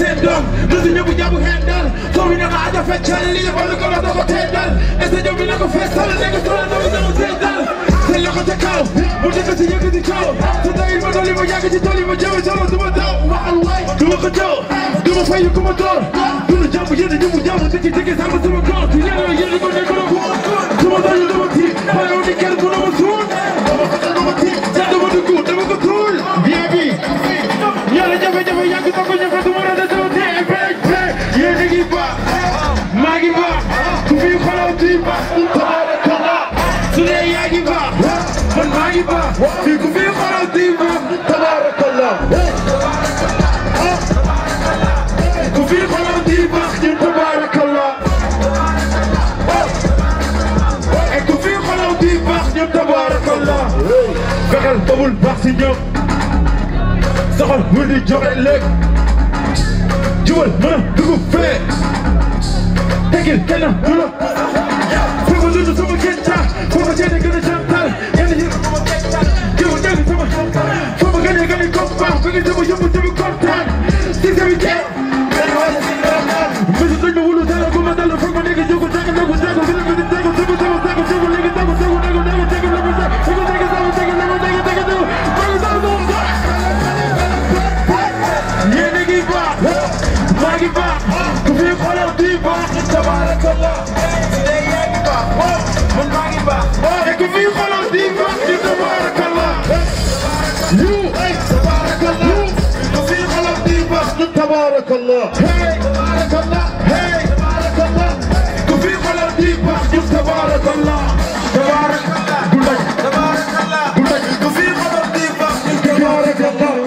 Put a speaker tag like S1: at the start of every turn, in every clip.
S1: seen doom dosi ñëpp jàpp xeen dal so wi ne ko aja ah feccal li nga xam ne ko la dafa teel dal stadium bi ne ko feesal nekk solo na mu dafa teel dal seen loxo ca kaw mu dëkk si yëkk si kaw te tey ma doli ma yàgg ci toli ma jëme solo du ma daw waxal waay du ma ko daw du ma fay ku ma door du nu jàpp yéen ñu mu jàpp dëkk dëkk sama sama kaw ci yéen yéen ko nekk na ko su ma doon du ma tiit ma yow di kenn bu na ma suur غريبة فيكم فين قرانديبة تبارك تبارك الله طول باخسي صغر ولي جرع لك جوال مرة دقوا فيه تقل كلام مرة فيكم زوجة سوى كنتا فوق جينا كنتا Give it to me, tabarakallah hey tabarakallah hey tabarakallah ku fi xolal di baax jëf tabarakallah tabarakallah du daj tabarakallah du daj ku fi xolal di baax jëf tabarakallah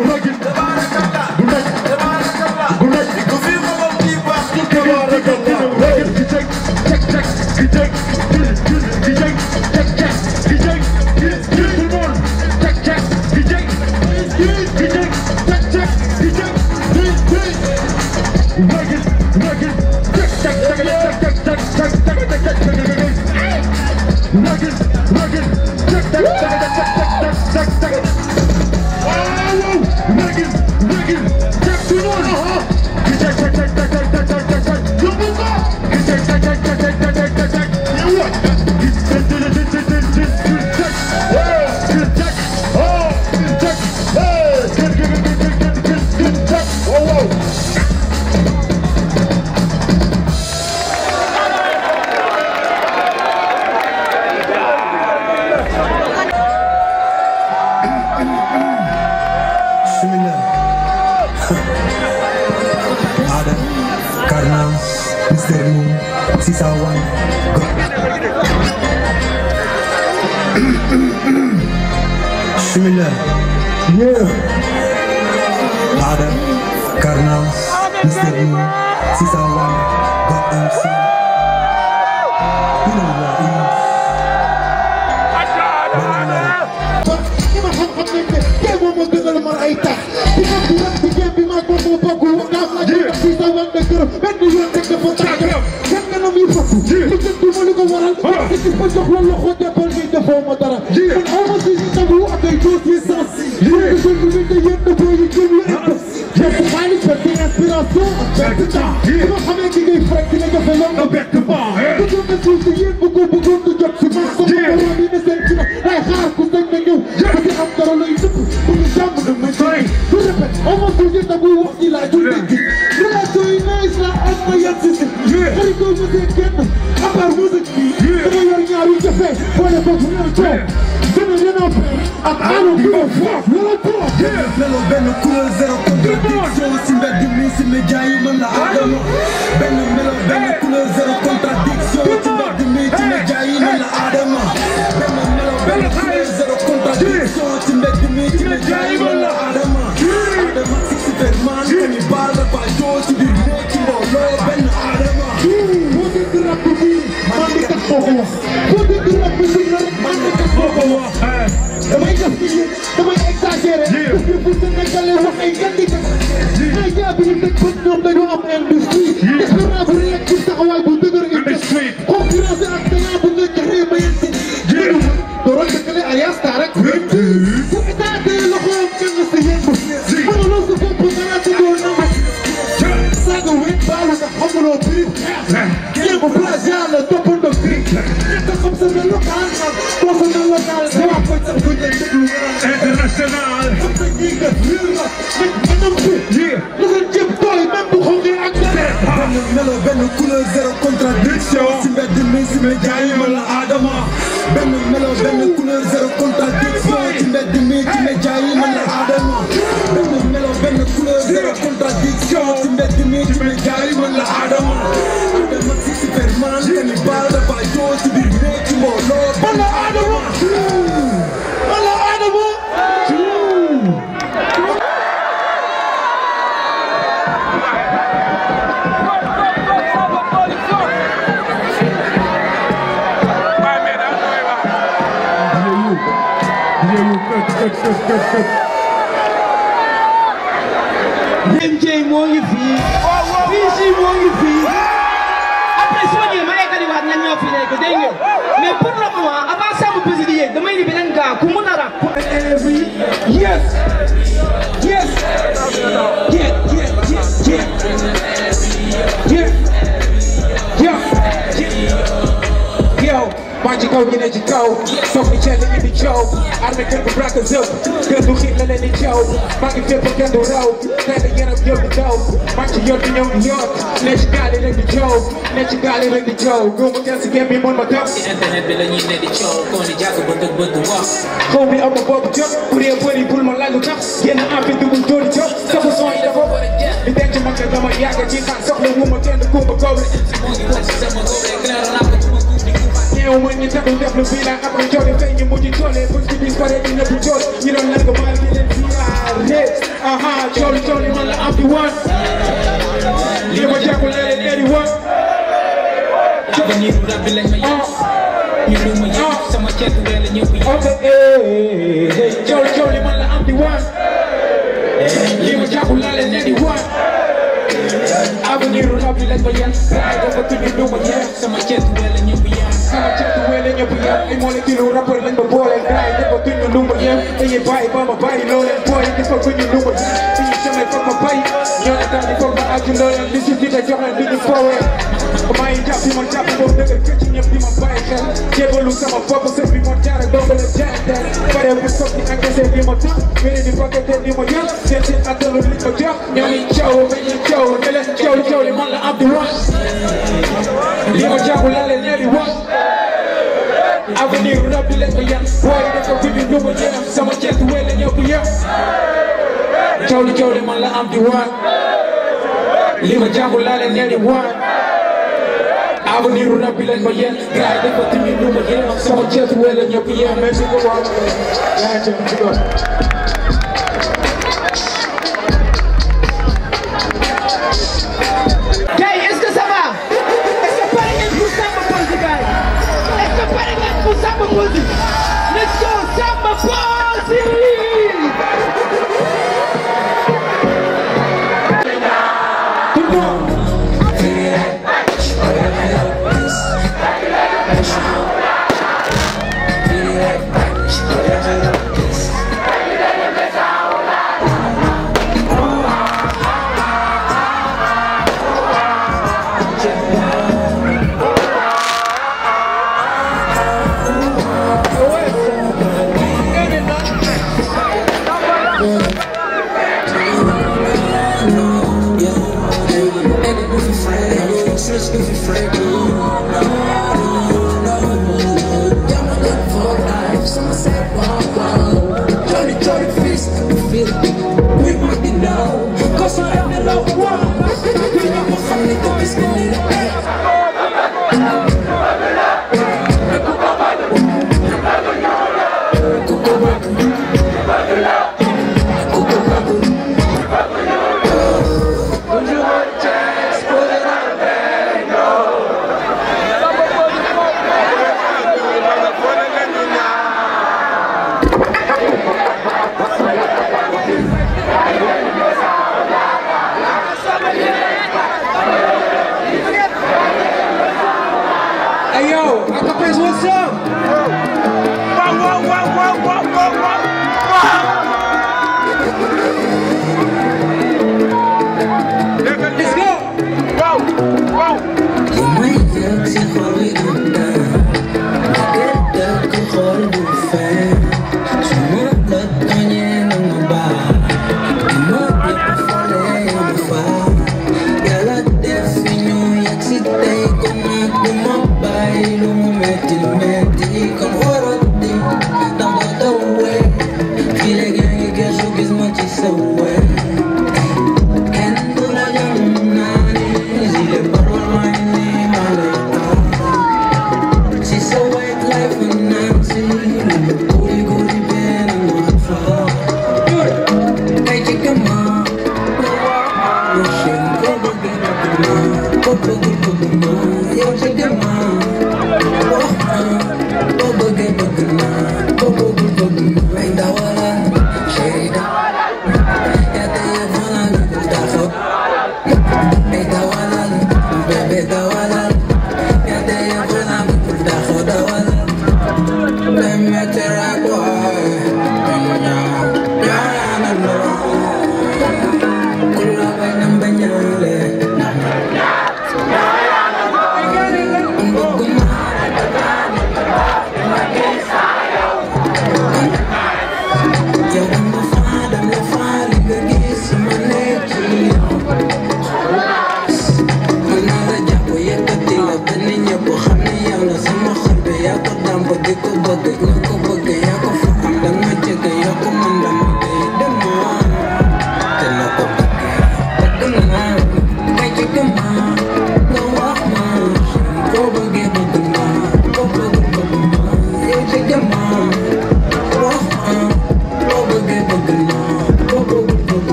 S1: meloo benn kuréel zéro contradiction si mbedd mi si média yi man la adama benn meloo benn kuréel zéro contradiction si mbedd mi si média yi man la adama benn meloo benn kuréel zéro contradiction si mbedd mi si média yi man la adama adama si Superman kani baala ba joo si biir nekk mbooloo benn adama moo dégg rap bi man di kat kooku wax contradiction ci mbedd mi ci média yi MJ moo ngi fii. BG moo ngi fii. après su ma ma eggali nga mais pour le moment avant Samba di yéeg damay ni ku mun a rap. yes. magical ñu ne ci kaw soog ni ceeb indi coow armée kër bu braque zëpp kër bu xiit la leen di coow maa ngi fépp kenn du raw tey la yaram yëpp daw maa ngi ci yoon bi ñëw di yoon ne ci gaal yi rek di coow ne ci gaal yi rek di coow góobu kenn si game bi mën ma tax ci internet bi la ñuy ne di coow koo ni jàkk ba dëgg ba du wax xaw mi am na boobu jot kurée bëri bul ma laaj lu tax génn en fait dugul dóori jot safu son yi dafa war a jeex di denc ma ca dama yàgg ci xaan soxla wu ma kenn kumba gooble you when you tell me that be like I'm enjoying Tell what you told it Put this for it in the control You don't like a man did see I hit Aha, Charlie, Charlie, man, like I'm the one Yeah, but Jack will let it anyone I've been here, I've been like my ah. You knew my ah. youth, so my chest is telling you Okay, hey, hey, Charlie, Charlie, man, like I'm the one Yeah, but Jack will let it anyone I've been here, I've been like my young I've been here, I've been like my So my chest is telling you Sana chatuwele nyo piyap Ay mole kilura por lang babolan Kahit ako dun yung lumayan Ay ibay ba mabay Lolan boy, di pa dun yung lumayan Tingin siya may Nyo na dami pag maagin lolan Di siya di na dyan ang japi mo japi mo Dagal kachin yung di mabayad ka Jebo lusa mababa sa di mo jara Double a jack that Pareho ko sok ni angka Mene di pagkat di mo yap Jensen at the lulit Nyo ni chow, mene chow Nalan chow, leen ko yem waaye dafa bind ñu ko jeexam sama ceeb bi wéy la ñoo ko yem. coow li coow li man la am di waat li ma jàngul laa leen nee di waat avenir u rab bi leen ma yem gars yi dafa timit ñu ma jeexam sama ceeb bi wéy la ñoo ko yem même si ko waat yaa ngi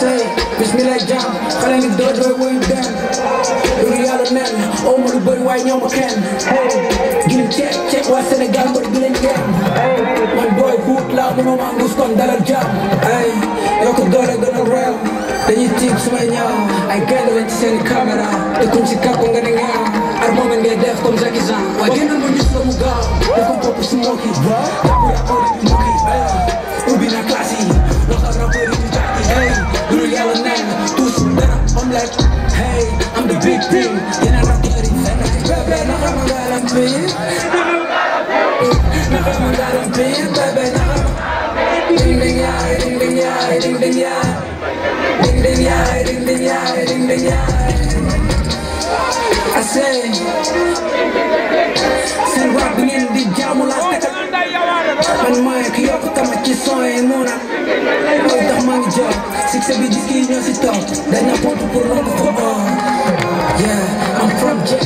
S1: say Bismillah jam Kalani dojo wo you dem Yuri yalo men Omul boy way nyoma ken Gil check check wa Senegal mo get? Hey, my boy hoot la mo ma ngus kon dalal jam Ay yoko dole gonna real Dañuy tiig sumay ñaaw Ay gaynde lañ ci seen caméra Te kuñ ci kàpp nga ne ñaaw Ar moom ngay def comme Jackie Jean Waaye gënal ma gis la mu gaaw Dafa bopp si moo kii Waaw الدين انا مقدري انا بابا نغم قلم بين نغم قلم بين بابا نغم دين دين ياي دين دين ياي دين دين ياي دين دين ياي دين دين I say, say the jam like that. man maa ngi yokk kama ci son yi mu naan loolu tax maa ngi jóg succès bi di kii ñoo si toog dañ na pompe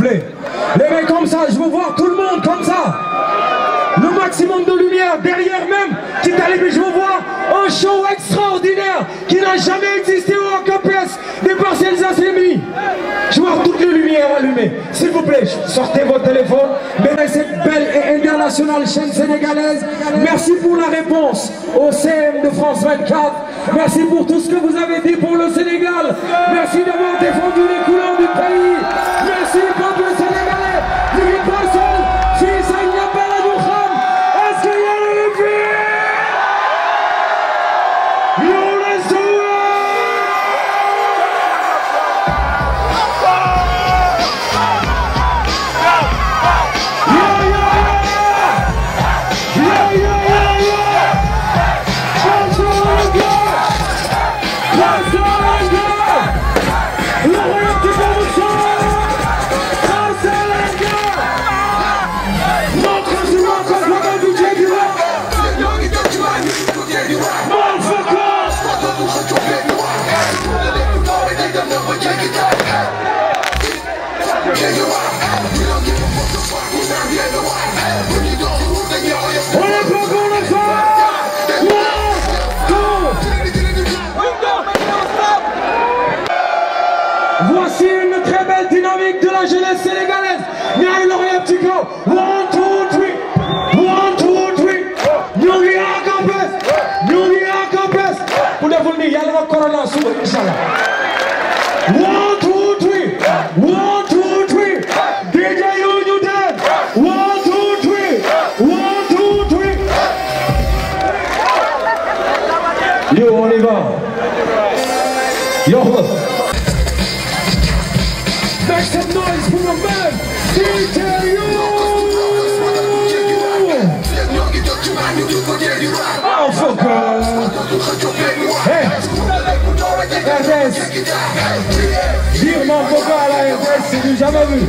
S1: plaît. Levez comme ça, je veux voir tout le monde comme ça. Le maximum de lumière, derrière même, qui je veux voir un show extraordinaire qui n'a jamais existé au camp des partiels ACMI. Je vois toutes les lumières allumées. S'il vous plaît, sortez votre téléphone. Bénissez cette belle et internationale chaîne sénégalaise. Merci pour la réponse au CM de France 24. Merci pour tout ce que vous avez dit pour le Sénégal. Merci d'avoir défendu les couleurs du pays. Merci. corona suba incha allah C'est du jamais vu.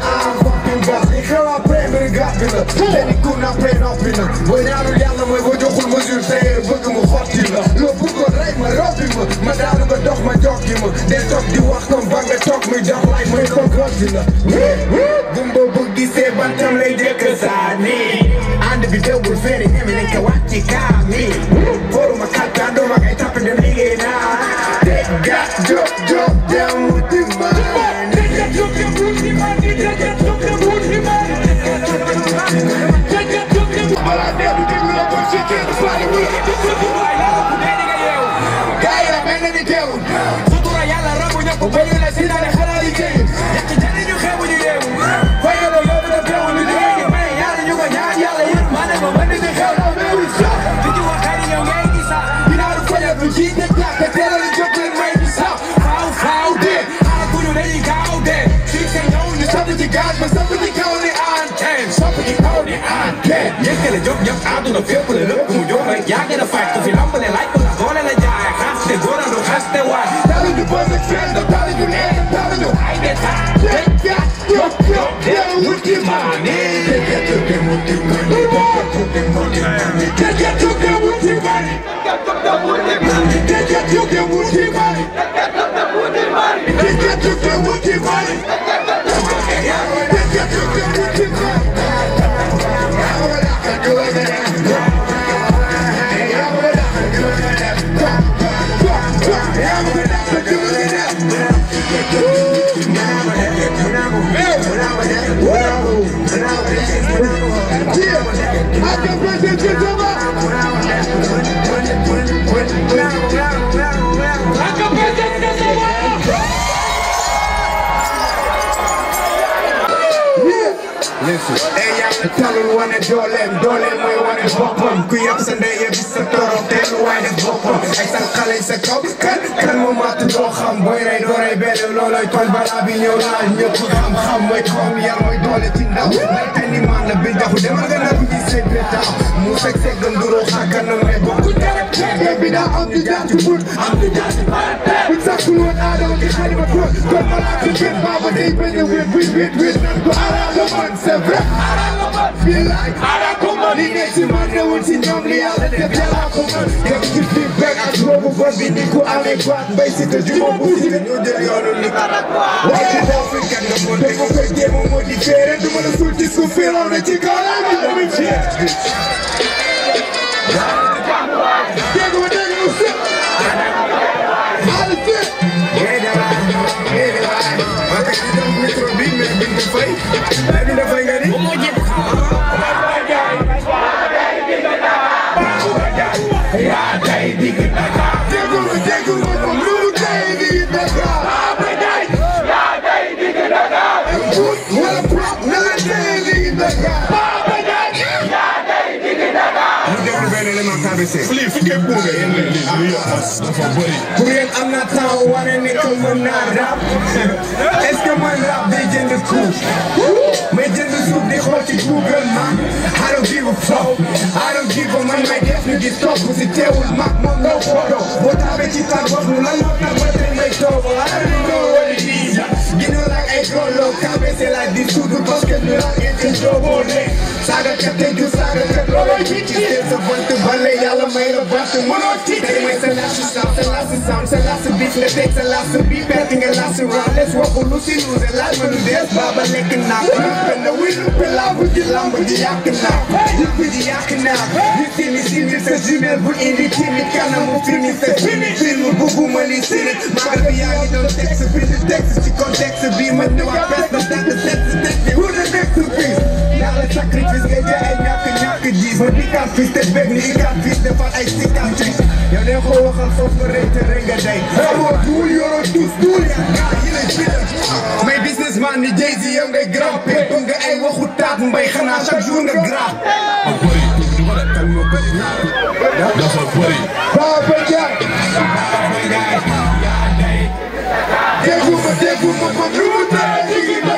S1: gàgg na léegi ku nappee noppi na booy ñaanul yàlla mooy boo joxul mesure tey bëgg mu xotti la loo bëggoon rey ma robbi ma ma daanu ba dox ma jokki ma dee toog di wax comme ba nga toog muy jox laay mooy ko xotti la bu ma bëgg gisee bantam lay jëkk saa cái là dốt nhấp áo tôi là phiếu của là lớp của một dốt phải giá cái là phạt tôi phải lắm bên này lái tôi là gói là dài khác thì gói là đồ khác tê hoài tao lên được bơ sẽ chết tao tao lên được em tao lên được hai bên thả chết chết dốt dốt đeo quýt kia mà nè chết chết được cái một tiêu người nè chết chết được cái một tiêu người nè chết chết được cái một tiêu người nè chết chết được cái một tiêu người nè chết chết được cái một tiêu người nè chết chết được cái một tiêu người nè Talul wane dooleem dooleem mooy wane boppam ku yab sa ndey yëg sa torof te lu waay def boppam ay sal xale sa kaw kan kan moo matt doo xam booy rey doo rey benn looloy tool balaa bi ñëw laaj ñëpp xam-xam mooy xam yar mooy doole ci ndaw lay tey ni man la bi ndaxu demal nga nag ñi seen bétaaw mu fekk fekk nduroo xàkkanam ne bokk bi daa am di jaati bul am di jaati parte bu sàkkul woon aadama di xalima ko kon malaa ko gën baaba day bañ a wéet wéet wéet wéet nan not araa la man c'est vrai feel like Harakuman Ninesi mane unti namli alete kese pour yéen am na temps wane ne que mën naa rap est ce man rap day jënd suuf may jënd suuf di xool ci Google ma I don't give a fuck I don't give a man may def ni di toog bu si teewul mag moom no photo boo taabee ci tànk wax nu lan moo tax ba tey may toog I don't know what it is ginnaaw laa ay góor loo kaabee c'est la di suudu parce que ñu laa ngeen ci jooboo ne saaga kat te ju saaga kat loolu ci ci te balle yàlla may la bant mënoo tiit tey may sa laas si saam sa laas si saam sa laas si bis la teg sa laas bi perte nga laas si raam les waxu lu si nuuse laaj ma nu dees baaba lekk naa ko benn wuy luppe laa bu ji lamb ji yàq naa ko yëpp ji yàq naa ko ñu tini sini sa jumel bu indi tini kanamu fini sa fini film bu bu ma ni sini maa bi yaa ngi doon texte bind texte ci contexte bi ma ñëwaat perte dàq texte texte wut a texte piece naa la sacrifice ngay jaay ay ñàkk ñàkk ji ba di kàmpis te bëgg ni i kàmpis defar ay cicatrices yow nee ko waxal foofu nga rey te rey nga day raboo duul yoroo tuus duul yaa gaa yi la jël may businessman ni Jay-Z yow ngay grappé tu nga ay waxu taat mbay xanaa chaque jour nga grapp dafa bëri Papa Jaay dégguma dégguma ko lu mu tëdd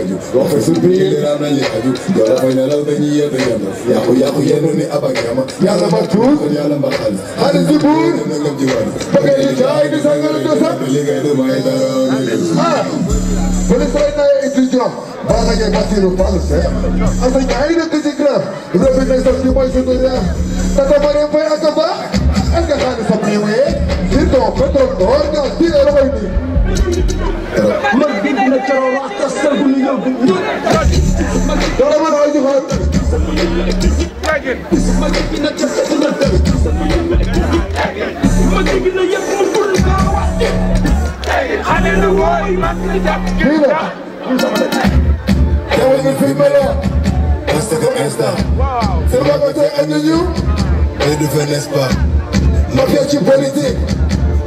S1: faju go fa su bi ra na ya ju ya la fay na la ba ni ya ba ya ya ko ya ko ya no ni aba kama ya la ma tu ya la ma khal hal zubur ba ga ni jay di sangal do sa le ga do mai da ha Polis ayına izleyeceğim. Bana gel basıyorum palısı. Aslında aynı kızıklar. Röpünden saçlı başlıyor ya. Tatamarım para acabar. Engajar essa piuí. Então, Pedro Gorga, tira o menino. Yaraman haydi Ma vie est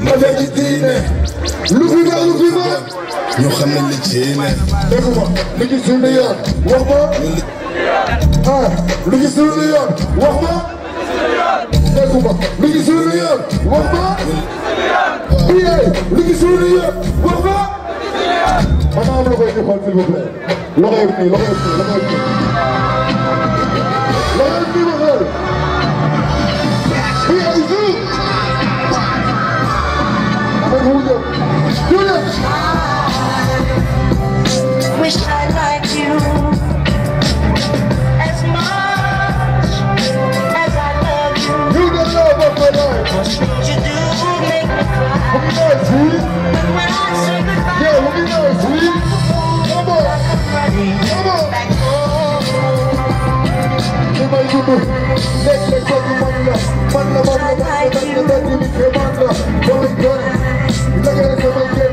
S1: ma vie est dîner. L'ouvrier, ñu xam ne li ci ne. dégg nga lu ci suñu yoon wax ma. ah lu ma. dégg nga lu ci suñu yoon wax ma. biyee lu ci am na koy ñu xool s'il vous plaît. loxo yëpp nii loxo yëpp nii loxo yëpp nii. loxo yëpp nii ma xool. biyee suuf. dégg nga mu wish I liked you as
S2: much
S1: as I love you. You love my do make me me know, sweet. But when I yeah, let me know, Come on, come on.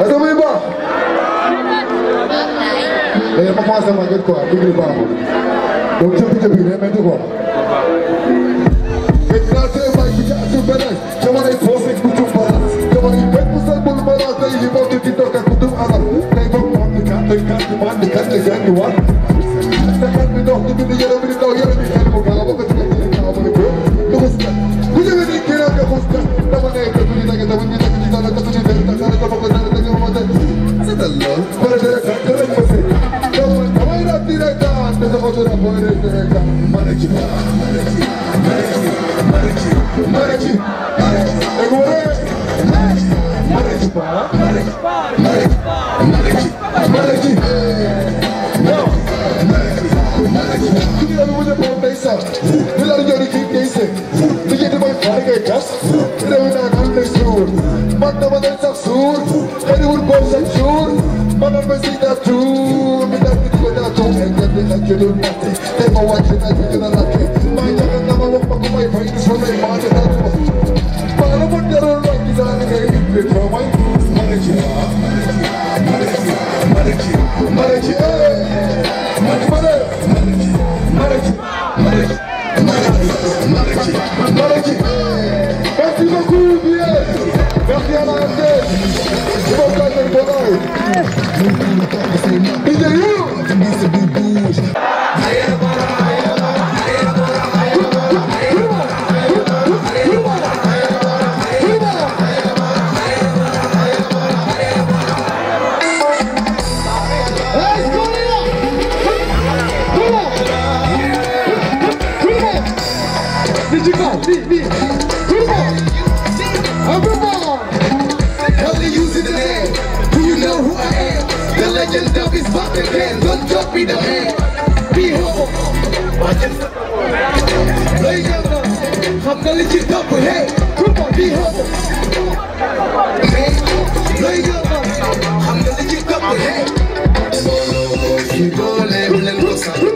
S1: Essa mãe bá. Eh, apa masa makan kau? Bigri bá. Don't you be jumping? Eh, mentu kau. But hey, come on, be humble. Man, your up. I'm gonna get up, but hey. Keep on living in the sun.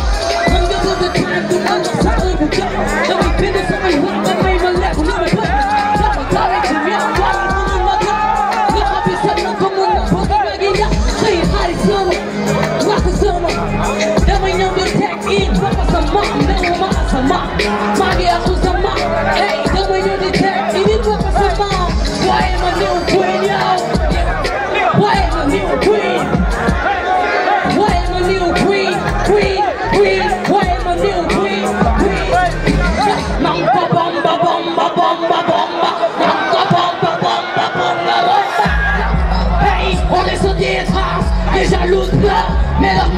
S1: Lucio me los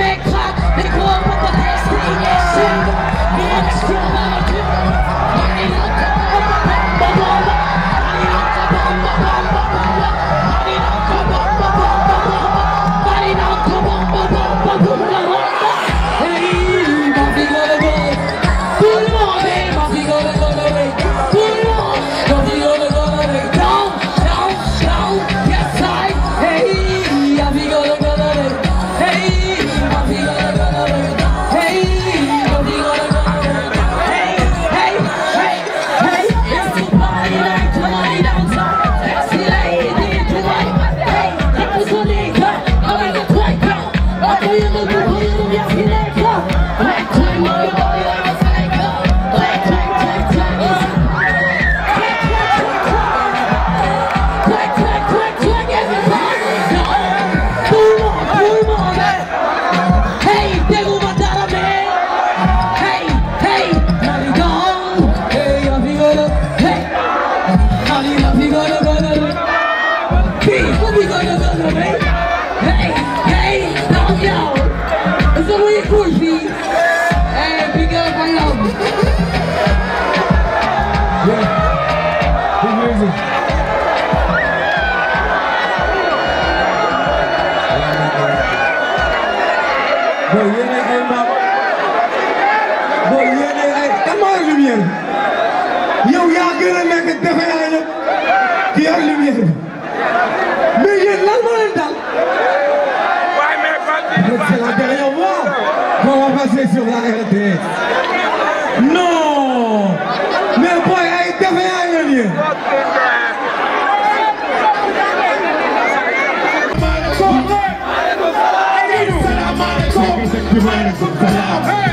S1: Hey!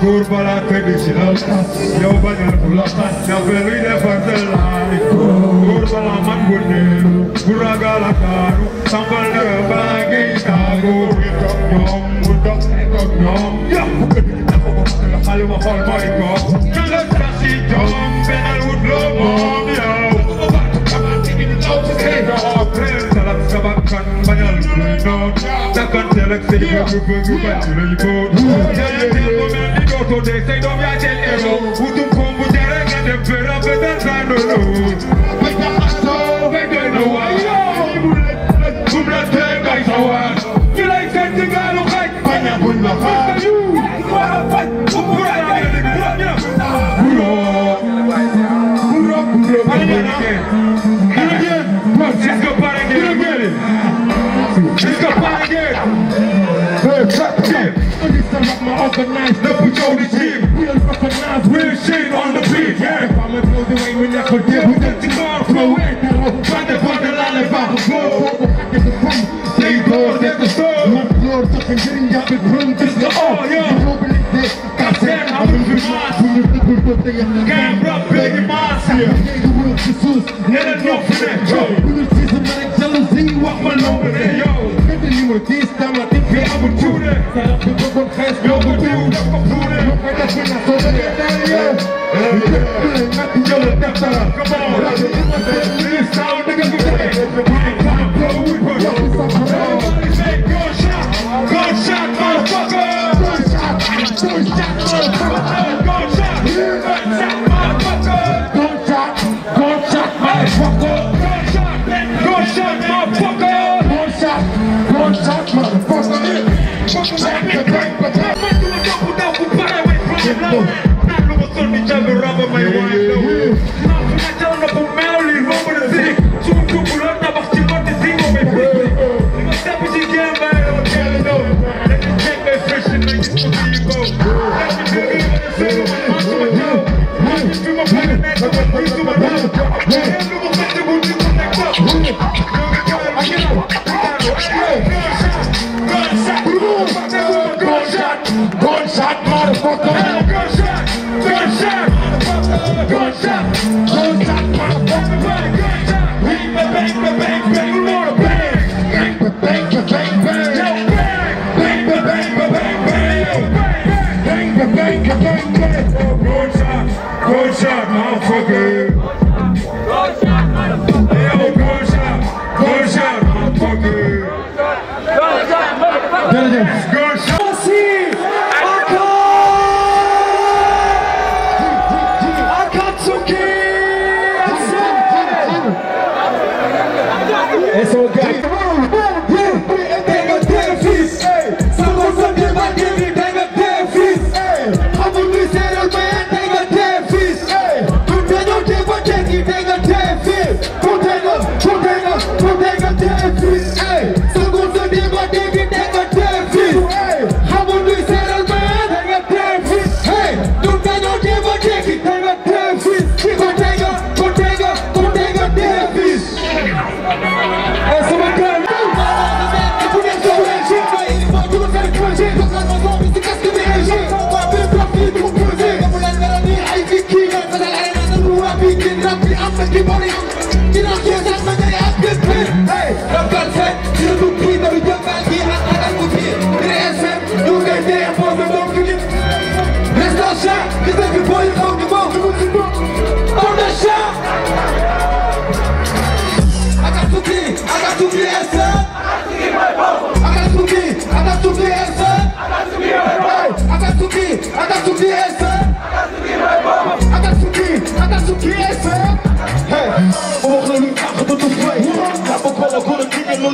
S1: Curva felicità, io bagno sulla faccia per fartellare, curva la mangonello, curraga la caro, San Valero baghi stago, nom, buto, nom, io, alma for my god, you I soto de say don't ya no know why recognize. Look, we on the team. We'll recognize. Real shit on the beat, yeah. If I'm a blow the way we never did. We got the car flow in. Try to find the line if I can blow. They doors at the store. My floor talking getting up in room. This the all, yeah. You open it there. Goddamn, I'm in the mind. Gang, bro, big minds here. Jesus, let it know for that, yo. We will see some manic jealousy, what my love is, yo. Maybe you were this time, I think we have the tutor. Come on,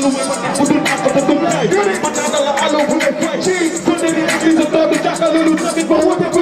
S1: But I know I love when they play. it in the third, the jackal, little nothing, but what the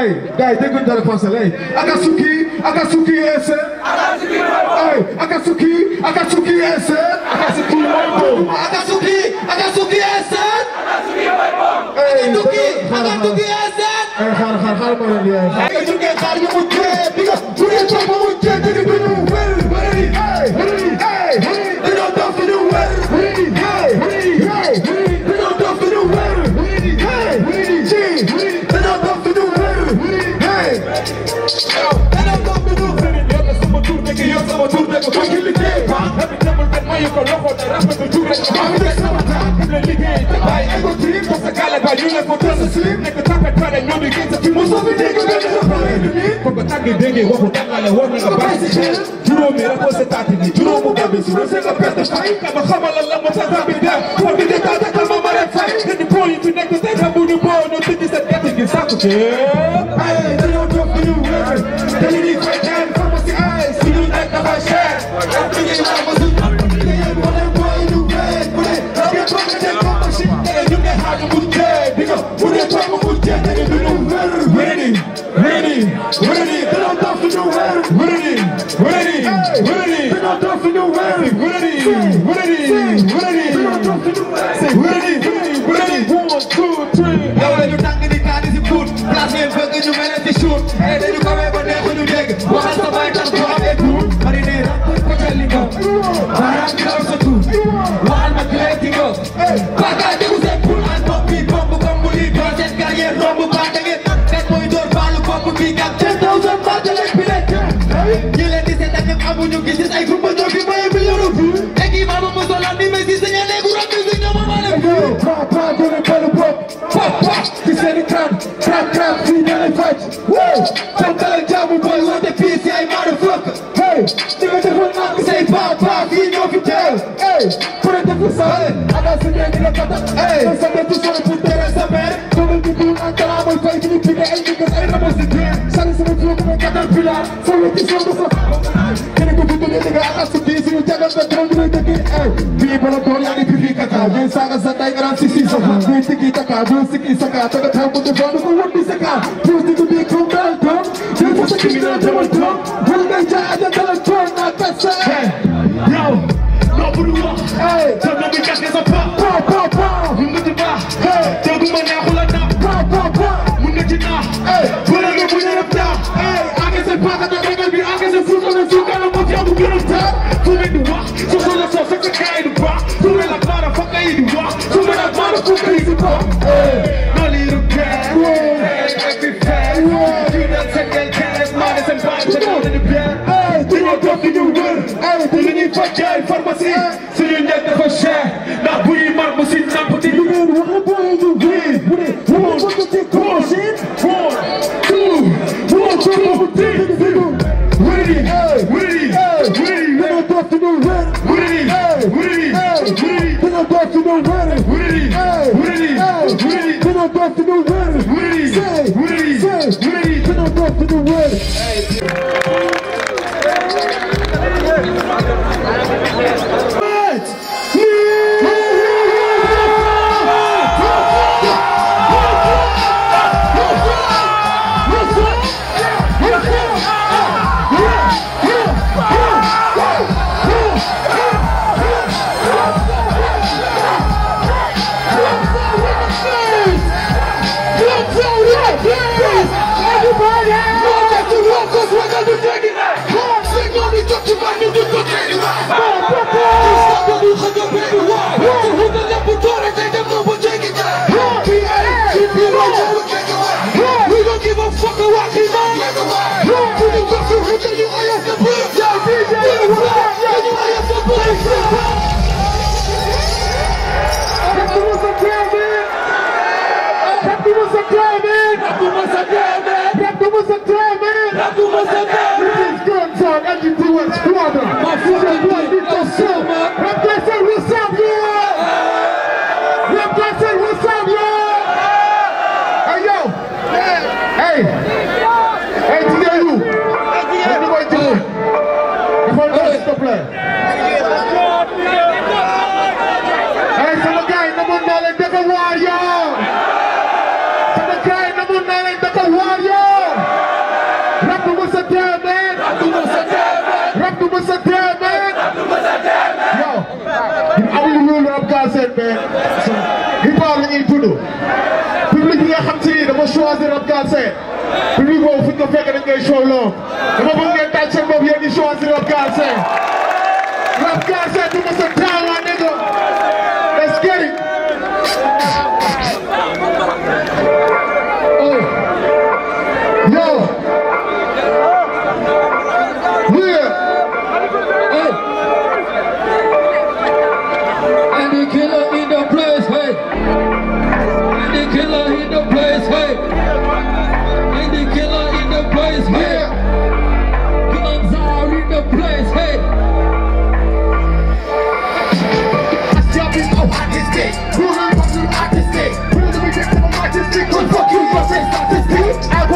S1: Hey, guys, they good that for us. Hey, Akasuki, Akatsuki ese. Akasuki, Akatsuki, Akatsuki Akasuki, Akatsuki Maipong. Akasuki, Akatsuki ese. Akasuki,
S2: Maipong.
S1: Akatsuki, Akatsuki ese. Hey, har har har har. Akatsuki har har har. Because today trouble with you. possibilité Am ego trip Parce que la ba yu ne ko tënk slip Nekk tapet pare ñoo di gën sa fi mu sobi dégg nga ne sa pare lu nii Ko ko tàgg déggee waxu tàngale war na nga One, two, three. Now we're talking the car is good. Plus we're working the manifest. acusare Anasını eline kadar Ey Sabah tutar bu terasa ben Bunun gibi antalamın kaydını bile En dikkat ayıramasın diye Şansını tuğumuna kadar filan Sonraki sorması Beni bu bütün eline anasın Dizini tekrarda döndürün dedi Ey Bir bana doğru yani bir bir kaka Ben sana zaten garan sisi saka Neyse ki taka Neyse ki saka Taka tam bu da bana bu vurdu saka Neyse ki bir kumdan dön Neyse ki bir kumdan dön Bulmayınca adet alın dön Nakasak hey. 저녁에 장에서 팍팍팍팍 힘들지 마 hey. 조금만 야홀라나 팍팍팍 무너지나 hey. 불안해 불안없다 hey. 악에서 받아도 내가 위 악에서 불거는 순간은 못 잡고 괴롭다 꿈에 누워 소설에서 색색하이 누워 꿈에 나 바라 가까이 누워 꿈에 나 바라 꿈에 있어 널 이렇게 every time 그냥 생각해 말에서 반짝거리는 별 Hey, do I talk in your world? Hey, do you need fuck guy pharmacy? Hey. the world. Jou anzi lopkase Lopkase ati mwen se talane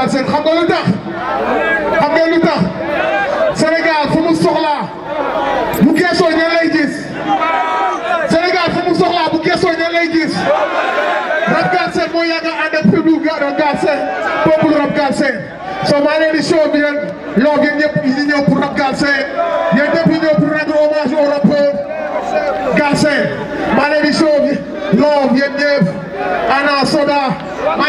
S1: Bougane Sène xam nga lu tax xam nga lu tax Sénégal fu mu Rab Galsen moo yàgg a ànd ak peuple Rab Galsen soo maa leen di show bi yéen loo gën ñëpp Rab Galsen yéen ñëpp ñu ñëw pour rendre maa leen di show bi loo yéen ñëpp ana soda maa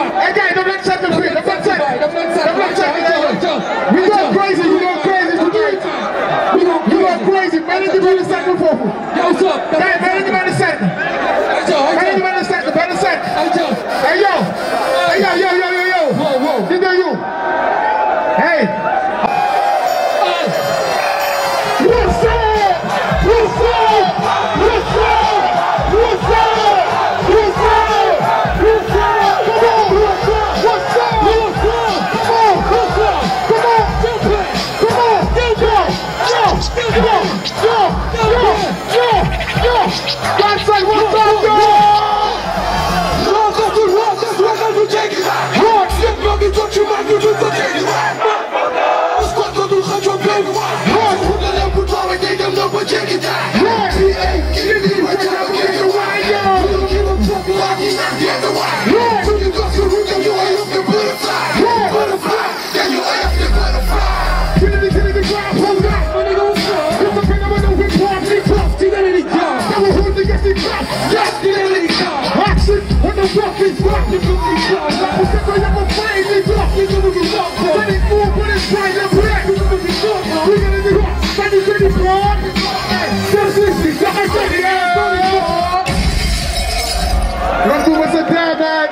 S1: Hey guys, don't let settle.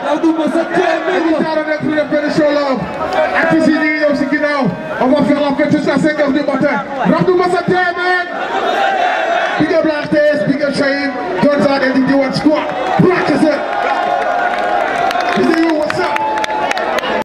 S1: Nadu Masateme Nitara nek fi def ben show love Ak ci ni yow ci ginaaw On va faire la fete